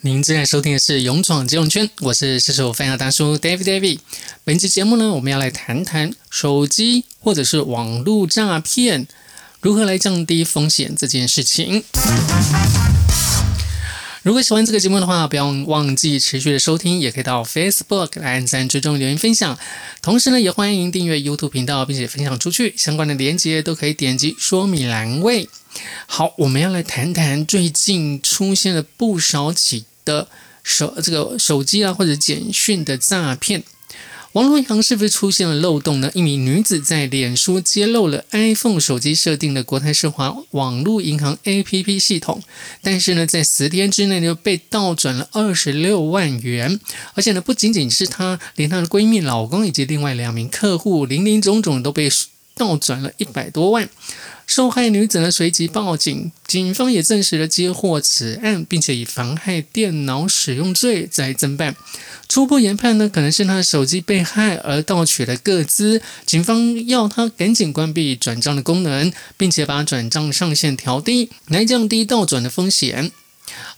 您正在收聽的是《勇闖金融圈》，我是助手范亞大叔 David David。本期節目呢，我們要來談談手機或者是網絡詐騙如何來降低風險這件事情。如果喜歡這個節目的話，不要忘記持續的收聽，也可以到 Facebook 來按贊、追蹤、留言、分享。同時呢，也歡迎訂閱 YouTube 頻道，並且分享出去。相關的連接都可以點擊說明欄位。好，我們要來談談最近出現了不少起的手，這個手機啊，或者簡訊的詐騙。網絡銀行是不是出現了漏洞呢？一名女子在臉書揭露了 iPhone 手機設定的國泰世華網絡銀行 APP 系統，但是呢，在十天之內就被盜轉了二十六萬元，而且呢，不僅僅是她，連她的閨蜜、老公以及另外兩名客戶，林林總總都被。盜轉了一百多萬，受害女子呢隨即報警，警方也證實了接獲此案，並且以妨害電腦使用罪在偵辦。初步研判呢，可能是她的手機被害而盜取了個資，警方要她趕緊關閉轉賬的功能，並且把轉賬上限調低，來降低盜轉的風險。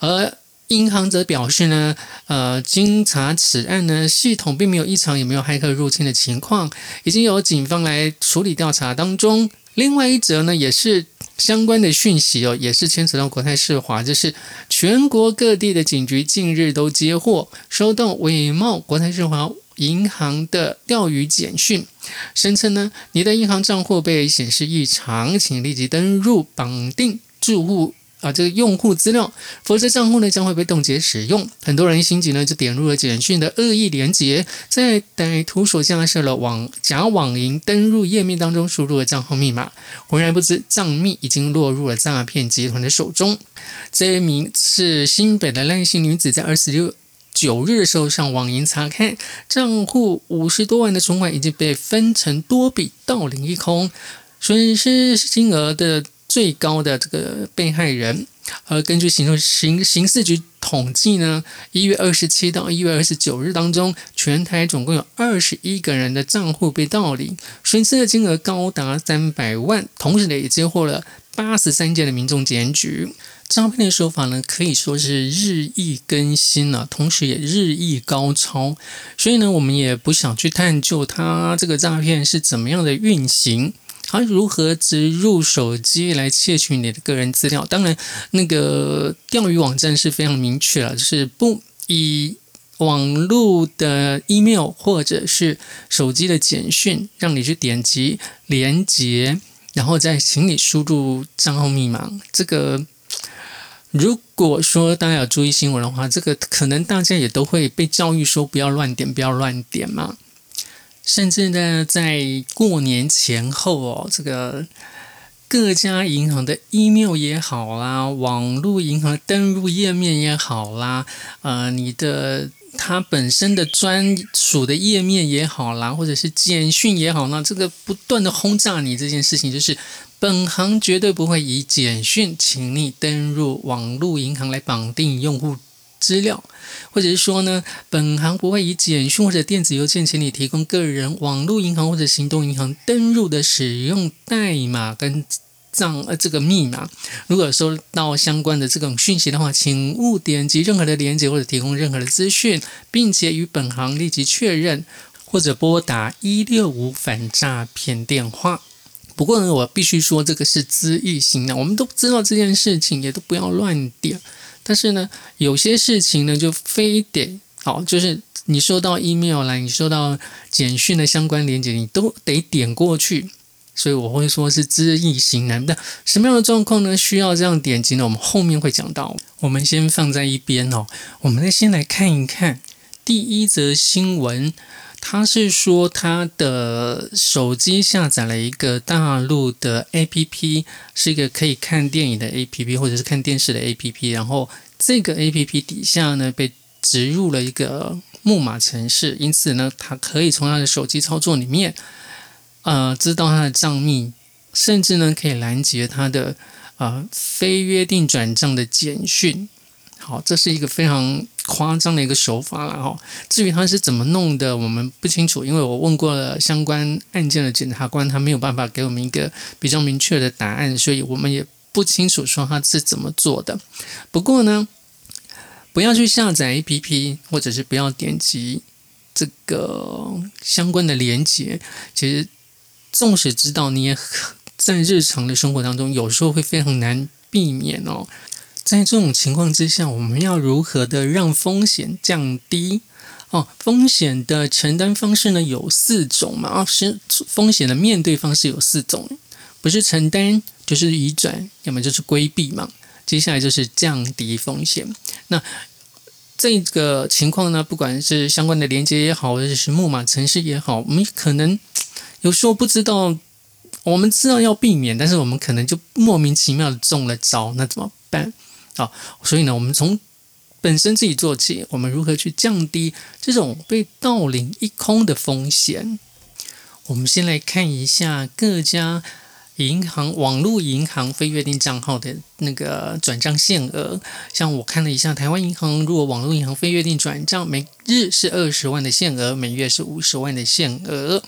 而銀行則表示呢，呃，經查此案呢，系統並沒有異常，也沒有駭客入侵的情況，已經由警方來處理調查當中。另外一則呢，也是相關的訊息哦，也是牽扯到國泰世華，就是全國各地的警局近日都接獲收到偽冒國泰世華銀行的釣魚簡訊，聲稱呢，你的銀行賬戶被顯示異常，請立即登入綁定住戶。啊，這個用戶資料，否則賬戶呢，將會被凍結使用。很多人心急呢，就點入了簡訊的惡意連結，在歹徒所架設的網假網銀登錄頁面當中輸入了賬號密碼，渾然不知賬密已經落入了詐騙集團的手中。這一名是新北的賴姓女子，在二十六九日的時候上網銀查看，賬戶五十多萬的存款已經被分成多筆盜領一空，損失金額的。最高的這個被害人，而根據刑、刑、刑事局統計呢，一月二十七到一月二十九日當中，全台總共有二十一個人的賬戶被盜領，損失的金額高達三百萬。同時呢，也接獲了八十三件的民眾檢舉。詐騙的手法呢，可以說是日益更新了，啊，同時也日益高超。所以呢，我們也不想去探究他這個詐騙是怎麼樣的運行。他如何植入手機來竊取你的個人資料？當然，那個釣魚網站是非常明確了，就是不以網路的 email 或者是手機的簡訊，讓你去點擊連結，然後再請你輸入賬號密碼。這個如果說大家有注意新聞的話，這個可能大家也都會被教育說不要亂點，不要亂點嘛。甚至呢，在過年前後哦，這個各家銀行的 email 也好啦，網絡銀行登錄頁面也好啦，呃，你的它本身的專屬的頁面也好啦，或者是簡訊也好啦，那這個不斷的轟炸你這件事情，就是本行絕對不會以簡訊請你登入網絡銀行來綁定用戶。資料，或者是說呢，本行不會以簡訊或者電子郵件請你提供個人網絡銀行或者行動銀行登入的使用代碼跟賬呃，這個密碼。如果收到相關的這種訊息的話，請勿點擊任何的連結或者提供任何的資訊，並且與本行立即確認或者撥打一六五反詐騙電話。不過呢，我必須說這個是知易行難，我們都知道這件事情，也都不要亂點。但是呢，有些事情呢，就非得，好、哦，就是你收到 email 啦，你收到簡訊的相關連接，你都得點過去。所以我會說是知易行難。那什麼樣的狀況呢？需要這樣點擊呢？我們後面會講到，我們先放在一邊哦。我們先來看一看第一則新聞。他是說，他的手機下載了一個大陸的 APP，是一個可以看電影的 APP，或者是看電視的 APP。然後這個 APP 底下呢，被植入了一個木馬程式，因此呢，他可以從他的手機操作裡面，呃，知道他的賬密，甚至呢，可以攔截他的啊、呃、非約定轉賬的簡訊。好，這是一個非常。誇張的一個手法了哈。至於他是怎麼弄的，我們不清楚，因為我問過了相關案件的檢察官，他沒有辦法給我們一個比較明確的答案，所以我們也不清楚說他是怎麼做的。不過呢，不要去下載 APP，或者是不要點擊這個相關的連結。其實，縱使知道，你也在日常的生活當中，有時候會非常難避免哦。在這種情況之下，我們要如何的讓風險降低？哦，風險的承擔方式呢，有四種嘛？哦、啊，是風險的面對方式有四種，不是承擔就是移轉，要麼就是規避嘛。接下來就是降低風險。那這個情況呢，不管是相關的連結也好，或者是木馬程式也好，我們可能有時候不知道，我們知道要避免，但是我們可能就莫名其妙的中了招，那怎麼辦？啊、哦，所以呢，我們從本身自己做起，我們如何去降低這種被盜領一空的風險？我們先來看一下各家銀行網絡銀行非約定賬號的那個轉賬限額。像我看了一下，台灣銀行如果網絡銀行非約定轉賬，每日是二十萬的限額，每月是五十萬的限額。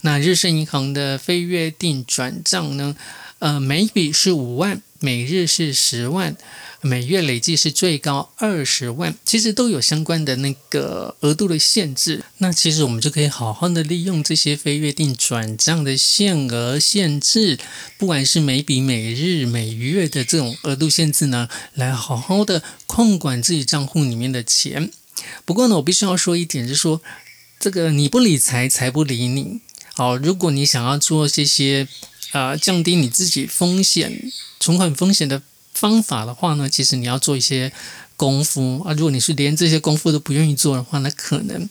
那日盛銀行的非約定轉賬呢？呃，每筆是五萬，每日是十萬。每月累計是最高二十萬，其實都有相關的那個額度的限制。那其實我們就可以好好的利用這些非約定轉賬的限額限制，不管是每筆、每日、每月的這種額度限制呢，來好好的控管自己賬戶裡面的錢。不過呢，我必須要說一點，就是說這個你不理財，財不理你。好，如果你想要做這些，啊、呃，降低你自己風險、存款風險的。方法的話呢，其實你要做一些功夫啊。如果你是連這些功夫都不願意做的話，那可能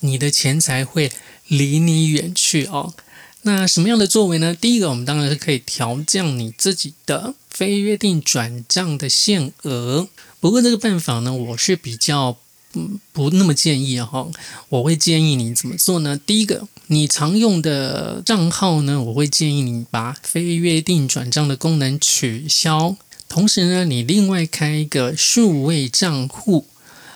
你的錢財會離你遠去哦。那什麼樣的作為呢？第一個，我們當然是可以調降你自己的非約定轉賬的限額。不過這個辦法呢，我是比較嗯不，不那麼建議哈、哦。我會建議你怎麼做呢？第一個，你常用的賬號呢，我會建議你把非約定轉賬的功能取消。同時呢，你另外開一個數位賬戶，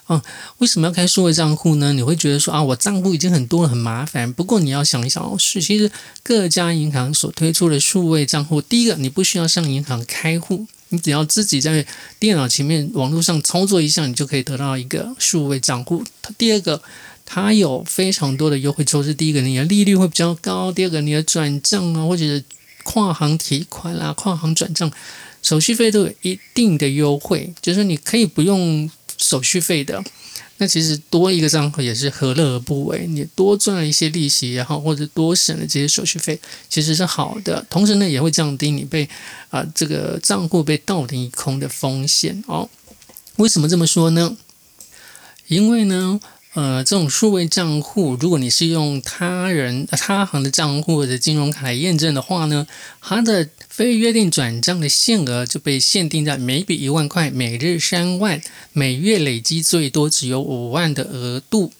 哦、嗯，為什麼要開數位賬戶呢？你會覺得說啊，我賬戶已經很多了，很麻煩。不過你要想一想哦，是其實各家銀行所推出的數位賬戶，第一個，你不需要向銀行開戶，你只要自己在電腦前面網絡上操作一下，你就可以得到一個數位賬戶。它第二個，它有非常多的優惠措施。就是、第一個，你的利率會比較高；第二個，你的轉賬啊，或者是跨行提款啦、啊，跨行轉賬。手續費都有一定的優惠，就是你可以不用手續費的。那其實多一個賬戶也是何樂而不為，你多賺一些利息，也好，或者多省了這些手續費，其實是好的。同時呢，也會降低你被啊、呃、這個賬戶被盜領一空的風險哦。為什麼這麼說呢？因為呢，呃，這種數位賬戶，如果你是用他人、他行的賬戶或者金融卡來驗證的話呢，它的。非約定轉賬的限額就被限定在每筆一萬塊，每日三萬，每月累積最多只有五萬的額度。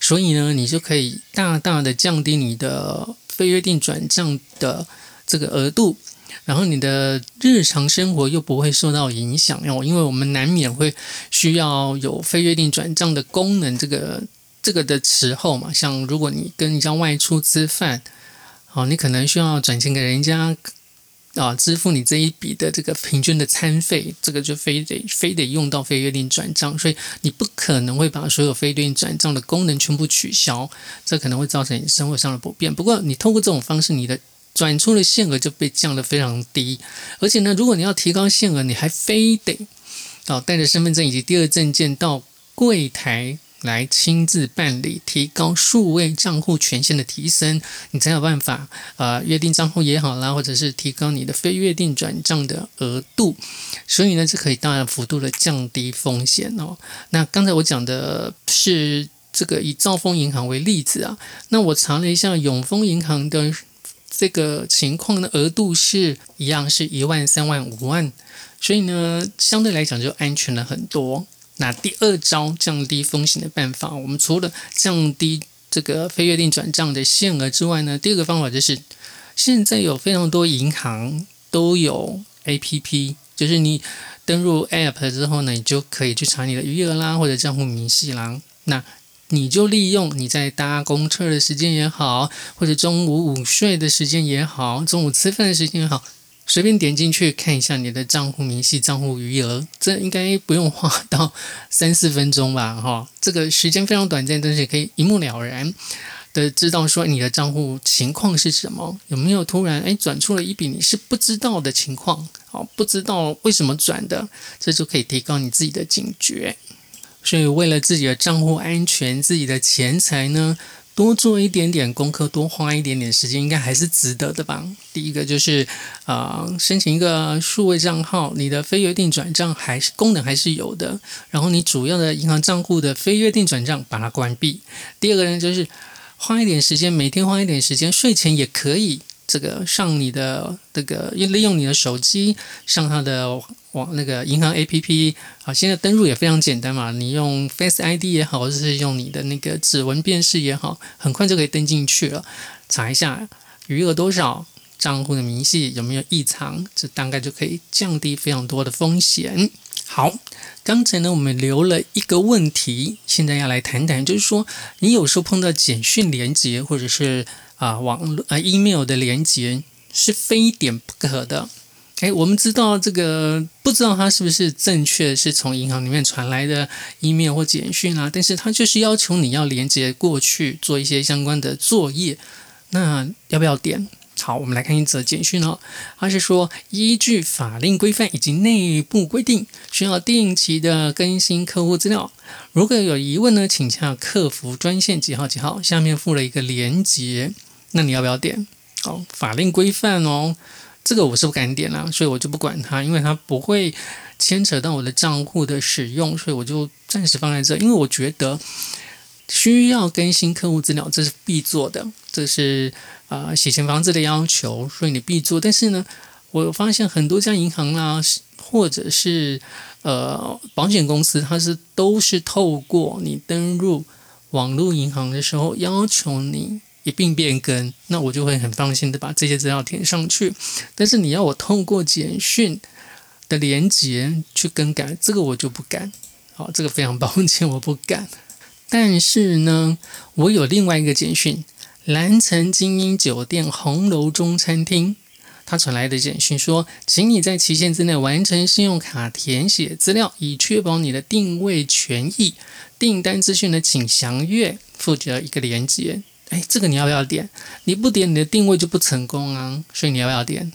所以呢，你就可以大大的降低你的非約定轉賬的這個額度，然後你的日常生活又不會受到影響。因為我們難免會需要有非約定轉賬的功能，這個這個的時候嘛，像如果你跟人家外出吃飯，好、啊，你可能需要轉錢給人家。啊，支付你這一筆的這個平均的餐費，這個就非得非得用到非約定轉賬，所以你不可能會把所有非約定轉賬的功能全部取消，這可能會造成你生活上的不便。不過你透過這種方式，你的轉出的限額就被降得非常低，而且呢，如果你要提高限額，你還非得哦帶着身份證以及第二證件到櫃檯。來親自辦理，提高數位賬戶權限的提升，你才有辦法呃約定賬戶也好啦，或者是提高你的非約定轉賬的額度，所以呢，就可以大幅度的降低風險哦。那剛才我講的是這個以兆豐銀行為例子啊，那我查了一下永豐銀行的這個情況的額度是一樣，是一萬、三萬、五萬，所以呢，相對來講就安全了很多。那第二招降低風險的辦法，我們除了降低這個非約定轉賬的限額之外呢，第二個方法就是，現在有非常多銀行都有 APP，就是你登入 APP 之後呢，你就可以去查你的餘額啦，或者賬戶明細啦。那你就利用你在搭公車的時間也好，或者中午午睡的時間也好，中午吃飯的時間也好。隨便點進去看一下你的賬戶明細、賬戶餘額，這應該不用花到三四分鐘吧？哈、哦，這個時間非常短暫，但是也可以一目了然的知道說你的賬戶情況是什麼，有沒有突然哎轉出了一筆你是不知道的情況，好、哦，不知道為什麼轉的，這就可以提高你自己的警覺。所以為了自己的賬戶安全、自己的錢財呢。多做一點點功課，多花一點點時間，應該還是值得的吧？第一個就是，啊、呃，申請一個數位賬號，你的非約定轉賬還是功能還是有的。然後你主要的銀行賬戶的非約定轉賬把它關閉。第二個呢，就是花一點時間，每天花一點時間，睡前也可以。這個上你的這個，利用你的手機上他的網那個銀行 APP 啊，現在登錄也非常簡單嘛，你用 Face ID 也好，或者是用你的那個指紋辨識也好，很快就可以登進去了。查一下餘額多少，賬戶的明細有沒有異常，這大概就可以降低非常多的風險。好，剛才呢我們留了一個問題，現在要來談談，就是說你有時候碰到簡訊連結或者是。啊，網路啊，email 的連接是非點不可的。誒，我們知道這個不知道它是不是正確，是從銀行裡面傳來的 email 或簡訊啊？但是它就是要求你要連接過去做一些相關的作業，那要不要點？好，我們來看一則簡訊哦，它是說依據法令規範以及內部規定，需要定期的更新客戶資料。如果有疑問呢，請向客服專線幾號幾號。下面附了一個連接。那你要不要點？哦，法令規範哦，這個我是不敢點了，啊，所以我就不管它，因為它不會牽扯到我的賬戶的使用，所以我就暫時放在這。因為我覺得需要更新客戶資料，這是必做的，這是啊、呃、洗錢防制的要求，所以你必做。但是呢，我發現很多家銀行啦，啊，或者是呃保險公司，它是都是透過你登入網絡銀行的時候要求你。一併變更，那我就會很放心的把這些資料填上去。但是你要我透過簡訊的連接去更改，這個我就不敢。好、哦，這個非常抱歉，我不敢。但是呢，我有另外一個簡訊，蘭城精英酒店紅樓中餐廳，他傳來的簡訊說，請你在期限之內完成信用卡填寫資料，以確保你的定位權益。訂單資訊的，請詳閱負責一個連接。哎，這個你要不要點？你不點，你的定位就不成功啊。所以你要不要點？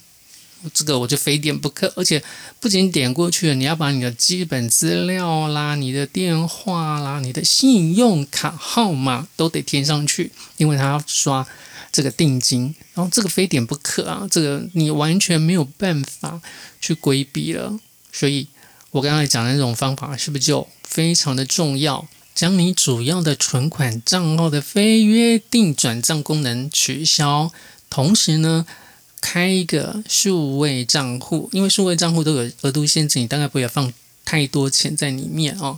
這個我就非點不可。而且不僅點過去了，你要把你的基本資料啦、你的電話啦、你的信用卡號碼都得填上去，因為他要刷這個定金。然後這個非點不可啊，這個你完全沒有辦法去規避了。所以，我剛才講的那種方法是不是就非常的重要？將你主要的存款賬號的非約定轉賬功能取消，同時呢，開一個數位賬戶，因為數位賬戶都有額度限制，你大概不要放太多錢在裡面哦。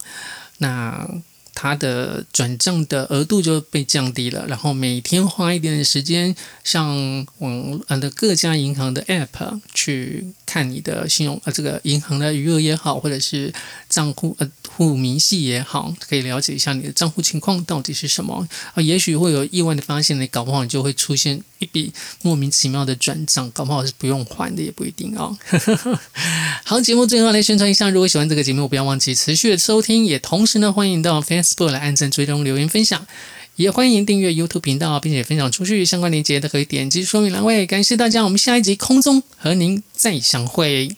那它的轉賬的額度就被降低了，然後每天花一點點時間上網上的各家銀行的 App 去。看你的信用，呃、啊，這個銀行的餘額也好，或者是賬戶，呃，戶明細也好，可以了解一下你的賬戶情況到底是什麼。啊，也許會有意外的發現，你搞不好你就會出現一筆莫名其妙的轉賬，搞不好是不用還的，也不一定啊，哦。 好，節目最後來宣傳一下，如果喜歡這個節目，不要忘記持續的收聽，也同時呢，歡迎到 Facebook 來按讚、追蹤、留言、分享。也歡迎訂閱 YouTube 頻道，並且分享出去，相關鏈接都可以點擊說明欄位。感謝大家，我們下一集空中和您再相會。